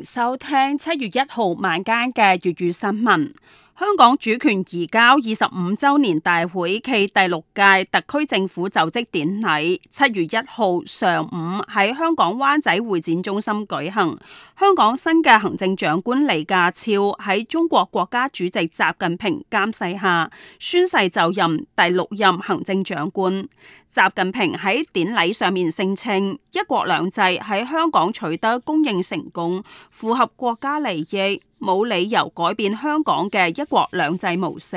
收聽七月一號晚間嘅粵語新聞。香港主權移交二十五周年大會暨第六屆特區政府就職典禮，七月一號上午喺香港灣仔會展中心舉行。香港新嘅行政長官李家超喺中國國家主席習近平監誓下宣誓就任第六任行政長官。習近平喺典禮上面聲稱，一國兩制喺香港取得公認成功，符合國家利益。冇理由改變香港嘅一國兩制模式。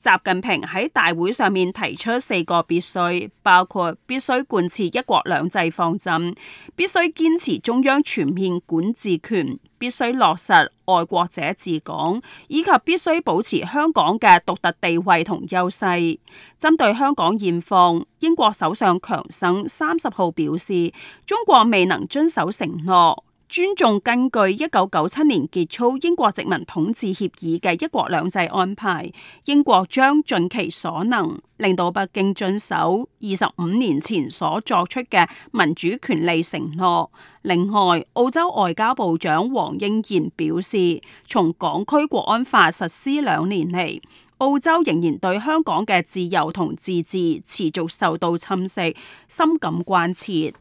習近平喺大會上面提出四個必須，包括必須貫徹一國兩制方針，必須堅持中央全面管治權，必須落實愛國者治港，以及必須保持香港嘅獨特地位同優勢。針對香港現況，英國首相強生三十號表示，中國未能遵守承諾。尊重根據一九九七年結束英國殖民統治協議嘅一國兩制安排，英國將盡其所能令到北京遵守二十五年前所作出嘅民主權利承諾。另外，澳洲外交部長黃英賢表示，從港區國安法實施兩年嚟，澳洲仍然對香港嘅自由同自治持續受到侵蝕，深感關切。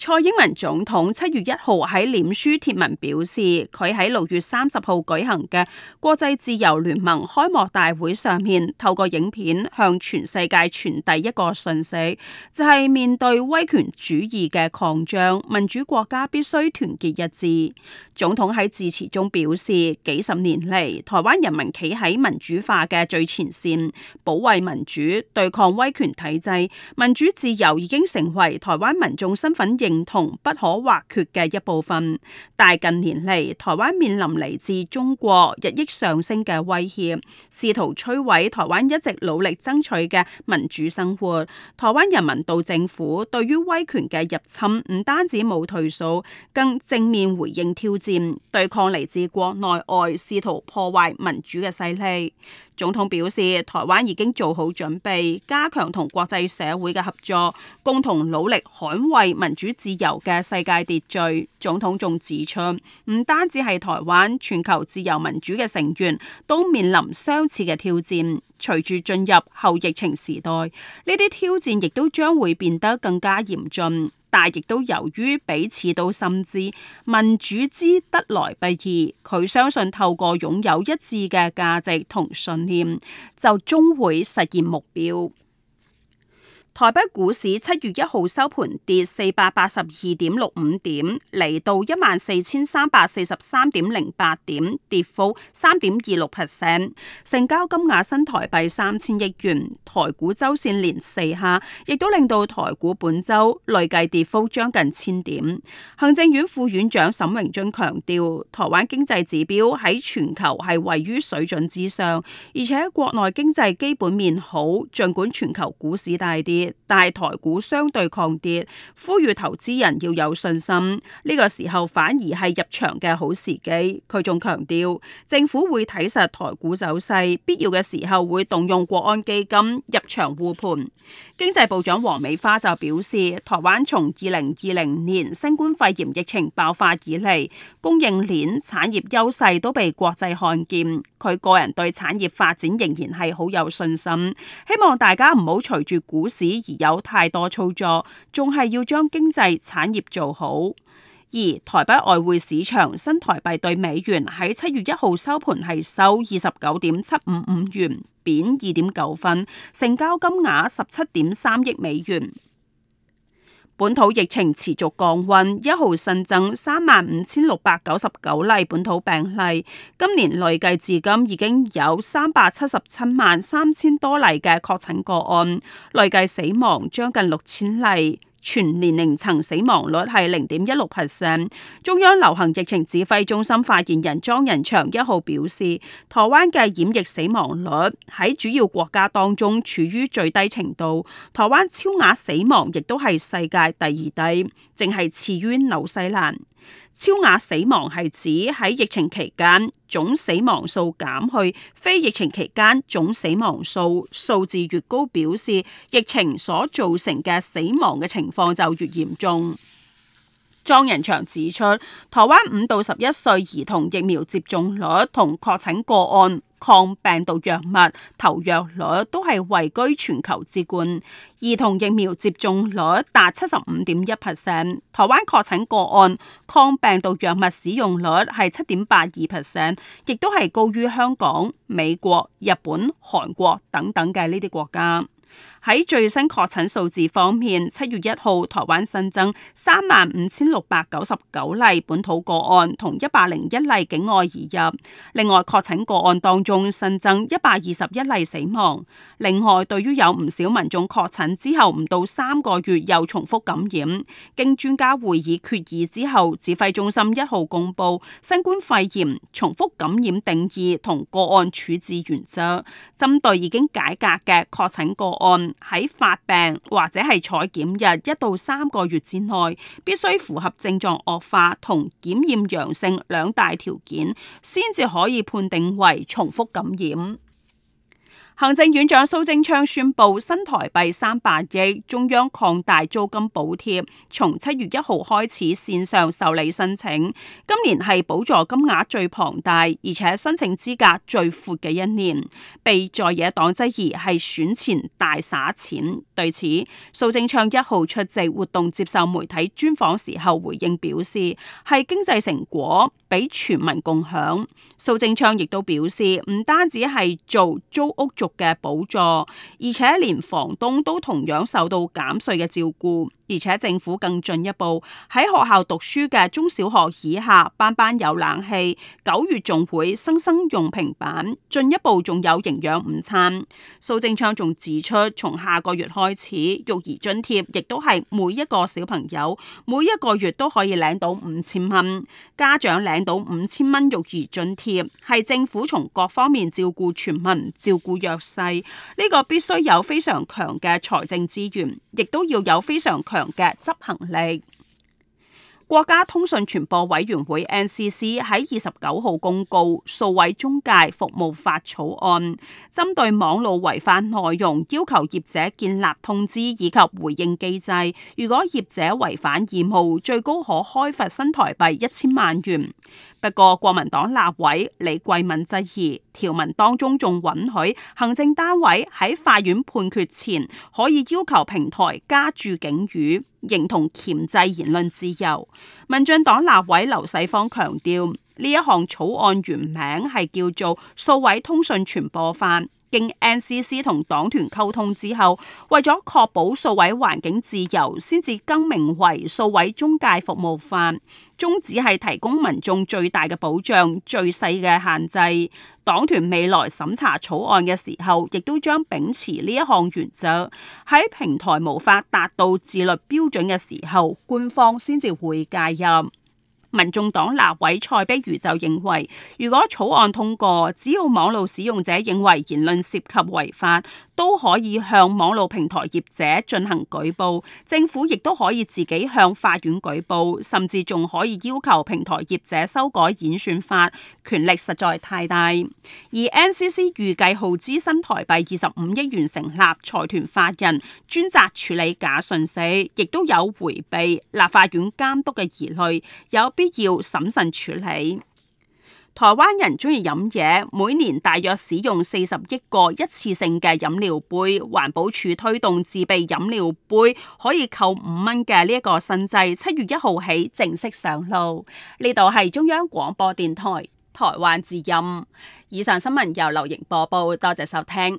蔡英文總統七月一號喺臉書貼文表示，佢喺六月三十號舉行嘅國際自由聯盟開幕大會上面，透過影片向全世界傳遞一個訊息，就係面對威權主義嘅擴張，民主國家必須團結一致。總統喺致辭中表示，幾十年嚟，台灣人民企喺民主化嘅最前線，保衛民主、對抗威權體制，民主自由已經成為台灣民眾身份認認同不可或缺嘅一部分。但近年嚟，台灣面臨嚟自中國日益上升嘅威脅，試圖摧毀台灣一直努力爭取嘅民主生活。台灣人民到政府對於威權嘅入侵唔單止冇退縮，更正面回應挑戰，對抗嚟自國內外試圖破壞民主嘅勢力。總統表示，台灣已經做好準備，加強同國際社會嘅合作，共同努力捍衛民主。自由嘅世界秩序，總統仲指出，唔單止係台灣，全球自由民主嘅成員都面臨相似嘅挑戰。隨住進入後疫情時代，呢啲挑戰亦都將會變得更加嚴峻。但亦都由於彼此都深知民主之得來不易，佢相信透過擁有一致嘅價值同信念，就終會實現目標。台北股市七月一號收盤跌四百八十二點六五點，嚟到一萬四千三百四十三點零八點，跌幅三點二六 percent，成交金額新台幣三千億元。台股周線連四下，亦都令到台股本周累計跌幅將近千點。行政院副院長沈榮津強調，台灣經濟指標喺全球係位於水準之上，而且國內經濟基本面好，盡管全球股市大跌。但台股相對抗跌，呼籲投資人要有信心。呢、這個時候反而係入場嘅好時機。佢仲強調，政府會睇實台股走勢，必要嘅時候會動用國安基金入場護盤。經濟部長王美花就表示，台灣從二零二零年新冠肺炎疫情爆發以嚟，供應鏈產業優勢都被國際看見。佢個人對產業發展仍然係好有信心，希望大家唔好隨住股市。而有太多操作，仲係要將經濟產業做好。而台北外匯市場新台幣兌美元喺七月一號收盤係收二十九點七五五元，貶二點九分，成交金額十七點三億美元。本土疫情持續降溫，一號新增三萬五千六百九十九例本土病例，今年累計至今已經有三百七十七萬三千多例嘅確診個案，累計死亡將近六千例。全年齡層死亡率係零點一六 percent。中央流行疫情指揮中心發言人莊人祥一號表示，台灣嘅染疫死亡率喺主要國家當中處於最低程度，台灣超額死亡亦都係世界第二低，淨係次於紐西蘭。超額死亡係指喺疫情期間總死亡數減去非疫情期間總死亡數，數字越高，表示疫情所造成嘅死亡嘅情況就越嚴重。莊仁祥指出，台灣五到十一歲兒童疫苗接種率同確診個案，抗病毒藥物投藥率都係位居全球之冠，兒童疫苗接種率達七十五點一 percent，台灣確診個案抗病毒藥物使用率係七點八二 percent，亦都係高於香港、美國、日本、韓國等等嘅呢啲國家。喺最新確診數字方面，七月一號台灣新增三萬五千六百九十九例本土個案，同一百零一例境外移入。另外確診個案當中新增一百二十一例死亡。另外，對於有唔少民眾確診之後唔到三個月又重複感染，經專家會議決議之後，指揮中心一號公布新冠肺炎重複感染定義同個案處置原則，針對已經解隔嘅確診個。案喺發病或者係採檢日一到三個月之內，必須符合症狀惡化同檢驗陽性兩大條件，先至可以判定為重複感染。行政院長蘇貞昌宣布新台幣三百億中央擴大租金補貼，從七月一號開始線上受理申請。今年係補助金額最龐大，而且申請資格最闊嘅一年。被在野黨質疑係選前大灑錢，對此蘇貞昌一號出席活動接受媒體專訪時候回應表示係經濟成果俾全民共享。蘇貞昌亦都表示唔單止係做租屋族。嘅補助，而且連房東都同樣受到減稅嘅照顧。而且政府更進一步，喺學校讀書嘅中小學以下班班有冷氣，九月仲會生生用平板，進一步仲有營養午餐。蘇貞昌仲指出，從下個月開始，育兒津貼亦都係每一個小朋友每一個月都可以領到五千蚊，家長領到五千蚊育兒津貼係政府從各方面照顧全民、照顧弱勢，呢個必須有非常強嘅財政資源，亦都要有非常強。強嘅執行力，國家通訊傳播委員會 NCC 喺二十九號公告數位中介服務法草案，針對網路違法內容，要求業者建立通知以及回應機制。如果業者違反義務，最高可開罰新台幣一千萬元。不過，國民黨立委李貴敏質疑條文當中仲允許行政單位喺法院判決前可以要求平台加注警語，認同鉗制言論自由。民進黨立委劉世芳強調，呢一項草案原名係叫做《數位通訊傳播法》。經 NCC 同黨團溝通之後，為咗確保數位環境自由，先至更名為數位中介服務法，宗旨係提供民眾最大嘅保障、最細嘅限制。黨團未來審查草案嘅時候，亦都將秉持呢一項原則。喺平台無法達到自律標準嘅時候，官方先至會介入。民眾黨立委蔡碧如就認為，如果草案通過，只要網路使用者認為言論涉及違法，都可以向網路平台業者進行舉報，政府亦都可以自己向法院舉報，甚至仲可以要求平台業者修改演算法，權力實在太大。而 NCC 預計耗資新台幣二十五億元成立財團法人，專責處理假訊息，亦都有迴避立法院監督嘅疑慮，有必要審慎處理。台灣人中意飲嘢，每年大約使用四十億個一次性嘅飲料杯。環保署推動自備飲料杯可以扣五蚊嘅呢一個新制，七月一號起正式上路。呢度係中央廣播電台台灣之音，以上新聞由劉瑩播報，多謝收聽。